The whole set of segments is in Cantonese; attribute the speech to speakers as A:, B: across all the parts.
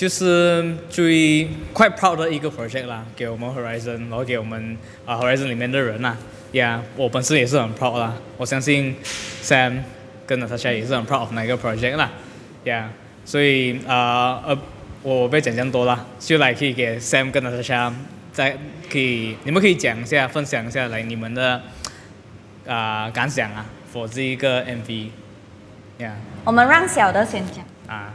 A: 就是最 quite proud 的一個 project 啦，給我們 Horizon，然後給我們啊 Horizon 裏面的人啊，yeah，我本身也是很 proud 啦，我相信 Sam 跟 Natasha 也是很 proud of 那一個 project 啦，yeah，所以啊，我被講這樣多啦，就嚟可以給 Sam 跟 Natasha，再可以你們可以講一下，分享一下嚟你們的啊感想啊，for 這一個 MV，yeah，
B: 我們讓小的先講
A: 啊。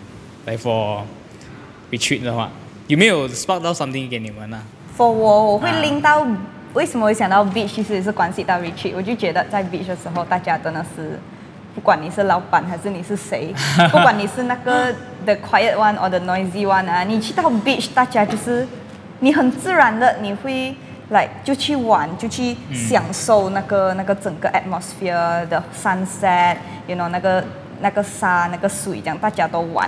A: 來說 retreat 的話有沒有 spark 到 something 給你們呢、啊、
B: for 我、uh, 我會拎到為什麼我會想到 beach 其實也是關係到 retreat 我就覺得在 beach 的時候大家真的是不管你是老闆還是你是誰不管你是那個 the quiet one or the noisy one 啊你去到 beach 大家就是你很自然的你會來、like、就去玩就去享受那個那個整個 atmosphere 的 sunset you know 那個那個沙那個水這樣大家都玩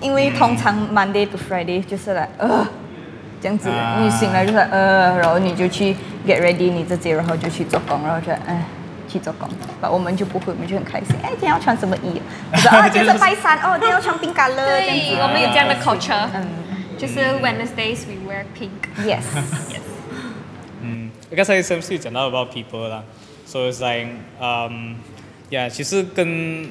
B: 因為通常 Monday to Friday 就是 like，呃，這樣子，你醒來就係呃，然後你就去 get ready 你自己，然後就去做工，然後就唉去做工。但係我們就不會，我們就很開心。哎，今天要穿什麼衣？我話哦，今天要穿白衫。哦，今天
C: 要穿 pink color。對，我們有這樣的 culture。嗯，就是 Wednesdays we wear pink。
B: Yes,
A: yes。嗯，我覺得其實 some suits 係 about people 啦，so it's like，嗯，yeah，其實跟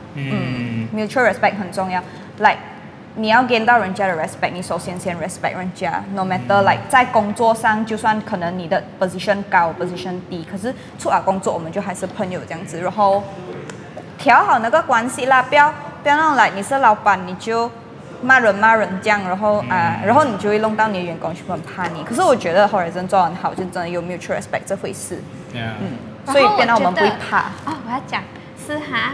B: 嗯、mm. um,，mutual respect 很重要。like 你要 get 到人家的 respect，你首先先 respect 人家。no matter like 在工作上，就算可能你的 position 高，position 低，可是出啊工作，我們就還是朋友這樣子。然後調好那個關係啦，不要不要讓 like 你是老闆你就罵人罵人這樣。然後啊、uh，然後你就會弄到你的員工會很怕你。可是我覺得 Horizon 做得很好，就真的有 mutual respect 這回事。嗯、yeah. um,，所以變到我們我不會怕。
C: 哦，我要講是哈。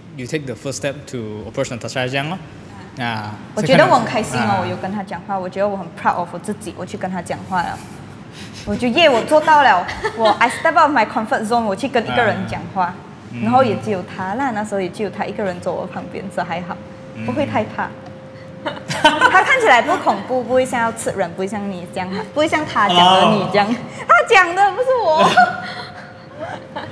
A: You take the first step to a approach 一個大師阿將咯，啊、uh, so，我覺得我很開心哦，uh, 我有跟
B: 他講話。我覺得我很 proud of 我自己，我去跟他講話了。我就耶、yeah, 我做到了，我 I step out of my comfort zone，我去跟一個人講話，uh, 然後也只有他啦，um, 那時候也只有他一個人坐我旁邊，這還好，不會太怕。Um, 他看起來不恐怖，不會像要吃人，不會像你這樣，不會像他講的你這樣，oh. 他講的不是我。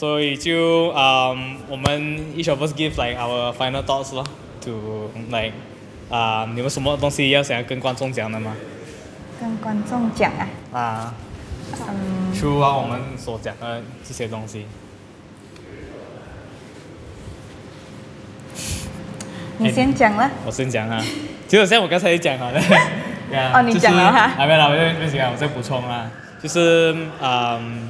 A: 所以就啊，um, 我們 each of us give like our final thoughts 咯，to、um, like 啊、um,，你們什麼東西要想要跟觀眾講的嗎？
B: 跟觀眾講啊？啊，嗯，除
A: 啊，我們所講的這些東西，你
B: 先講啦。
A: And, 我先講啊，就好似我剛才講了的。哦、 yeah, oh, 就是，你講啊。啊，唔係啦，唔唔行啊，我再補充啦，就是啊。Um,